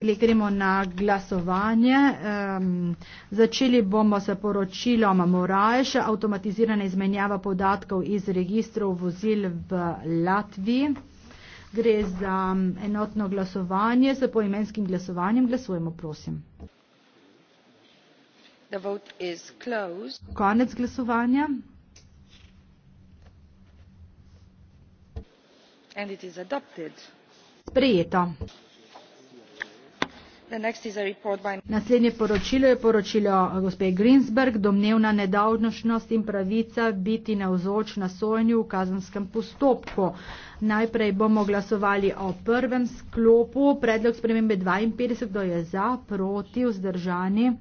Gremo na glasovanje. Um, začeli bomo s poročilom Moraš, avtomatizirana izmenjava podatkov iz registrov vozil v Latviji. Gre za enotno glasovanje s poimenskim glasovanjem. Glasujemo, prosim. Konec glasovanja. Sprejeto. Naslednje poročilo je poročilo eh, gospe Greensberg, domnevna nedavnošnost in pravica biti navzoč na sojenju v kazanskem postopku. Najprej bomo glasovali o prvem sklopu. Predlog spremembe 52, kdo je za, proti, vzdržani,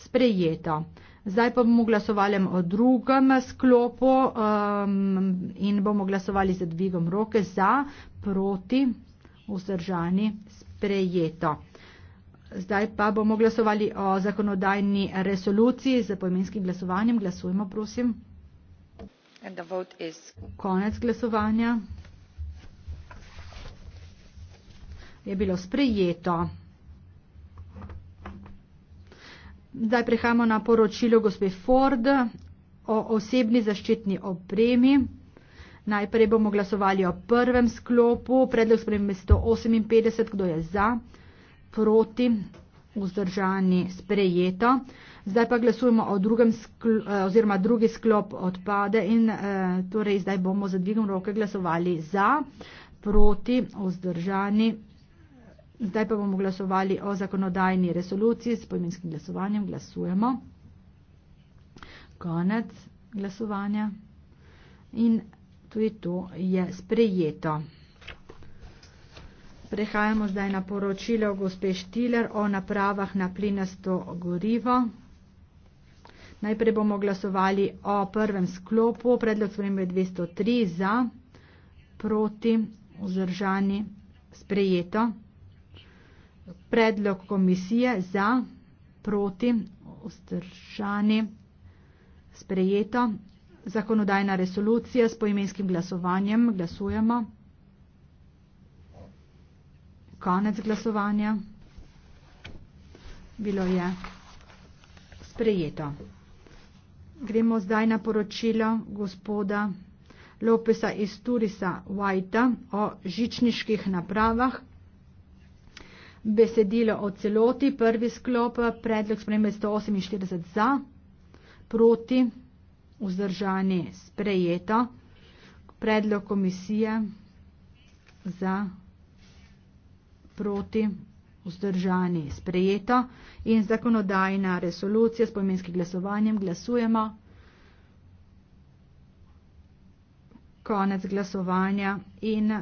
sprejeto. Zdaj pa bomo glasovali o drugem sklopu um, in bomo glasovali za dvigom roke za, proti, vzdržani, sprejeto. Zdaj pa bomo glasovali o zakonodajni resoluciji z pojmenskim glasovanjem. Glasujemo, prosim. Is... Konec glasovanja. Je bilo sprejeto. Zdaj prehajamo na poročilo gospe Ford o osebni zaščitni opremi. Najprej bomo glasovali o prvem sklopu, predlog spremembe 158, kdo je za proti vzdržani sprejeto. Zdaj pa glasujemo o drugem sklop, eh, oziroma drugi sklop odpade in eh, torej zdaj bomo za dvigom roke glasovali za, proti vzdržani. Zdaj pa bomo glasovali o zakonodajni resoluciji s pojmenskim glasovanjem. Glasujemo. Konec glasovanja. In tudi to je sprejeto. Prehajamo zdaj na poročilo gospe Štiler o napravah na plinasto gorivo. Najprej bomo glasovali o prvem sklopu. Predlog sprejme 203 za, proti, vzdržani, sprejeto. Predlog komisije za, proti, vzdržani, sprejeto. Zakonodajna resolucija s poimenskim glasovanjem. Glasujemo konec glasovanja. Bilo je sprejeto. Gremo zdaj na poročilo gospoda Lopesa iz Turisa Vajta o žičniških napravah. Besedilo o celoti, prvi sklop, predlog spremembe 148 za, proti, vzdržani sprejeto, predlog komisije za proti vzdržani sprejeto in zakonodajna resolucija s pomenskim glasovanjem glasujemo. Konec glasovanja in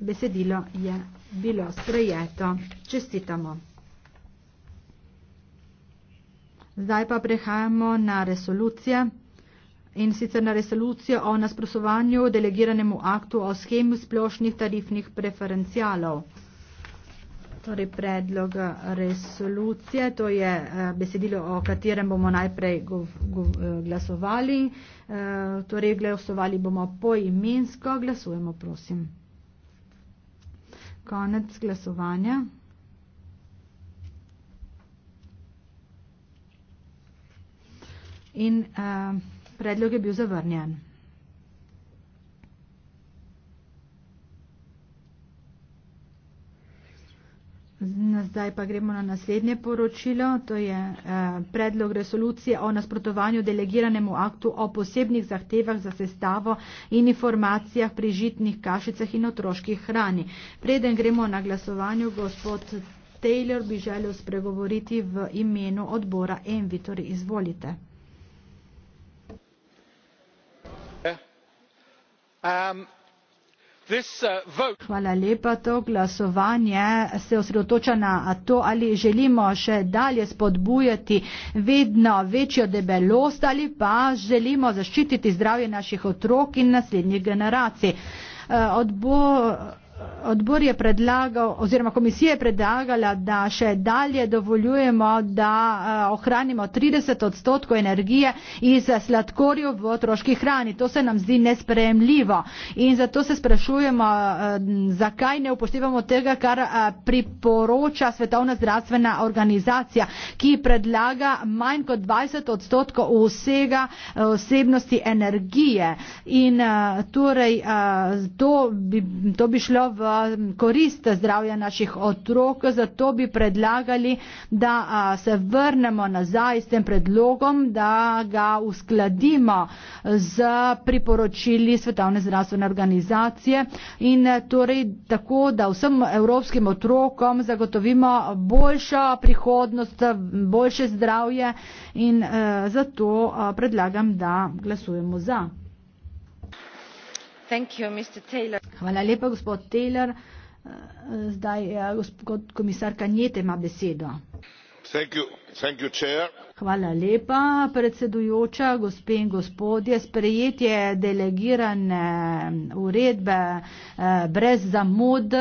besedilo je bilo sprejeto. Čestitamo. Zdaj pa prehajamo na resolucije in sicer na resolucijo o nasprosovanju delegiranemu aktu o schemi splošnih tarifnih preferencialov torej predlog eh, resolucije, to je eh, besedilo, o katerem bomo najprej gov, gov, eh, glasovali. Torej glasovali bomo poimensko, glasujemo prosim. Konec glasovanja. In eh, predlog je bil zavrnjen. zdaj pa gremo na naslednje poročilo. To je eh, predlog resolucije o nasprotovanju delegiranemu aktu o posebnih zahtevah za sestavo in informacijah pri žitnih kašicah in otroških hrani. Preden gremo na glasovanju, gospod Taylor bi želel spregovoriti v imenu odbora Envitor. Izvolite. Eh, um. Uh, Hvala lepa. To glasovanje se osredotoča na to, ali želimo še dalje spodbujati vedno večjo debelost ali pa želimo zaščititi zdravje naših otrok in naslednjih generacij. Uh, Odbor odbor je predlagal oziroma komisija je predlagala, da še dalje dovoljujemo, da eh, ohranimo 30 odstotkov energije iz sladkorjev v otroški hrani. To se nam zdi nespremljivo in zato se sprašujemo, eh, zakaj ne upoštevamo tega, kar eh, priporoča Svetovna zdravstvena organizacija, ki predlaga manj kot 20 odstotkov vsega osebnosti energije. In torej to bi, to bi šlo v korist zdravja naših otrok, zato bi predlagali, da se vrnemo nazaj s tem predlogom, da ga uskladimo z priporočili Svetovne zdravstvene organizacije in torej tako, da vsem evropskim otrokom zagotovimo boljšo prihodnost, boljše zdravje in e, zato predlagam, da glasujemo za. Hvala lepa, gospod Taylor. Eh, zdaj, eh, gospod komisar Kanjete ima besedo. Thank you, thank you, Hvala lepa, predsedujoča, gospe in gospodje. Sprejetje delegirane uredbe eh, brez zamud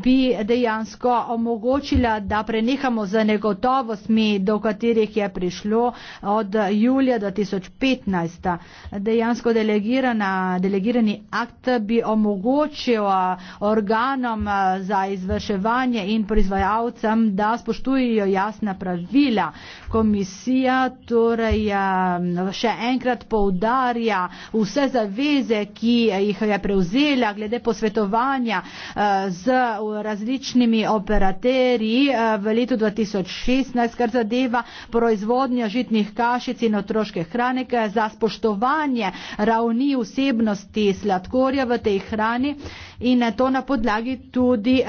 bi dejansko omogočila, da prenehamo z negotovostmi, do katerih je prišlo od julija 2015. Dejansko delegirani akt bi omogočil eh, organom eh, za izvrševanje in proizvajalcem, da spoštujejo jasna pravila komisije Rusija torej um, še enkrat poudarja vse zaveze, ki jih je prevzela glede posvetovanja uh, z različnimi operaterji uh, v letu 2016, kar zadeva proizvodnjo žitnih kašic in otroške hrane za spoštovanje ravni vsebnosti sladkorja v tej hrani in to na podlagi tudi eh,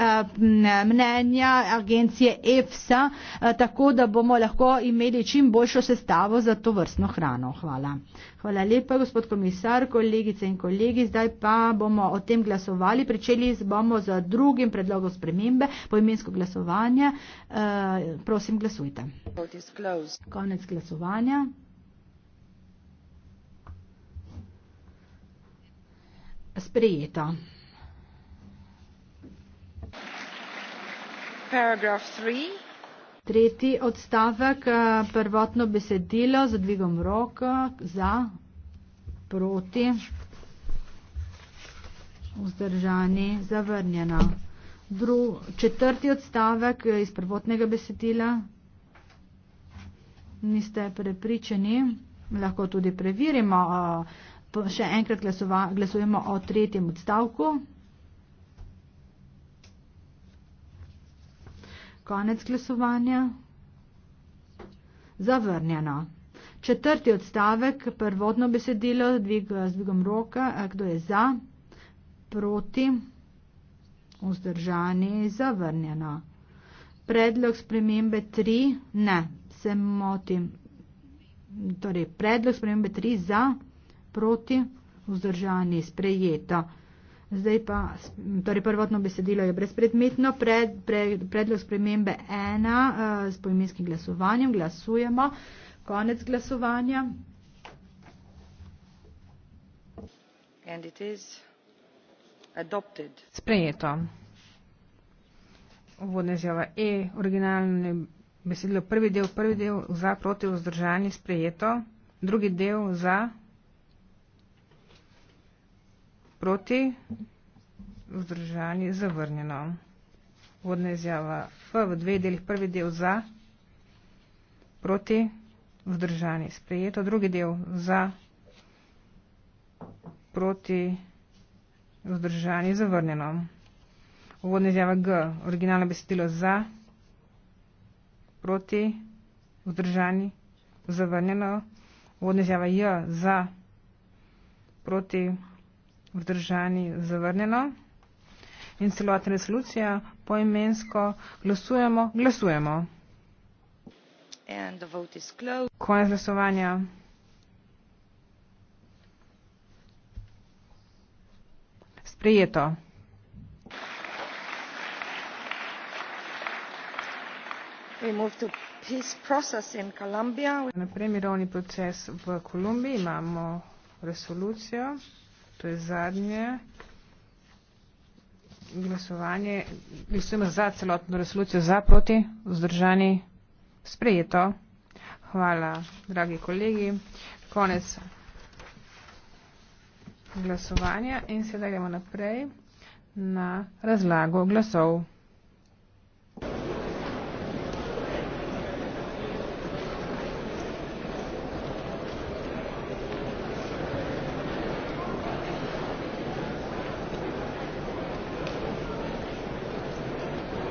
mnenja agencije EFSA, eh, tako da bomo lahko imeli čim boljšo sestavo za to vrstno hrano. Hvala. Hvala lepa, gospod komisar, kolegice in kolegi. Zdaj pa bomo o tem glasovali. Pričeli bomo z drugim predlogom spremembe poimensko glasovanje. E, prosim, glasujte. Konec glasovanja. Sprejeto. Tretji odstavek, eh, prvotno besedilo za dvigom roka, za, proti, vzdržani, zavrnjena. Dru, četrti odstavek eh, iz prvotnega besedila, niste prepričani, lahko tudi preverimo, eh, še enkrat glasova, glasujemo o tretjem odstavku. Konec glasovanja. Zavrnjeno. Četrti odstavek, prvotno besedilo, dvig, z dvigom roka, kdo je za, proti, vzdržani, zavrnjeno. Predlog spremembe 3, ne, se motim. Torej, predlog spremembe 3 za, proti, vzdržani, sprejeto. Zdaj pa, torej prvotno besedilo je brezpredmetno, pred, pred, predlog spremembe ena eh, s poimenskim glasovanjem, glasujemo, konec glasovanja. And it is adopted. Sprejeto. Uvodna izjava E, originalno besedilo, prvi del, prvi del za, proti, vzdržani, sprejeto, drugi del za proti, vzdržani, zavrnjeno. Vodna izjava F v dveh delih, prvi del za, proti, vzdržani, sprejeto, drugi del za, proti, vzdržani, zavrnjeno. Vodna izjava G, originalno besedilo za, proti, vzdržani, zavrnjeno. Vodna izjava J, za, proti, vzdržani vzdržani zavrnjeno in celotna resolucija poimensko glasujemo, glasujemo. Konec glasovanja. Sprejeto. Naprej mirovni proces v Kolumbiji imamo resolucijo. To je zadnje glasovanje. Glasujemo za celotno resolucijo, za proti, vzdržani, sprejeto. Hvala, dragi kolegi. Konec glasovanja in sedaj gremo naprej na razlago glasov.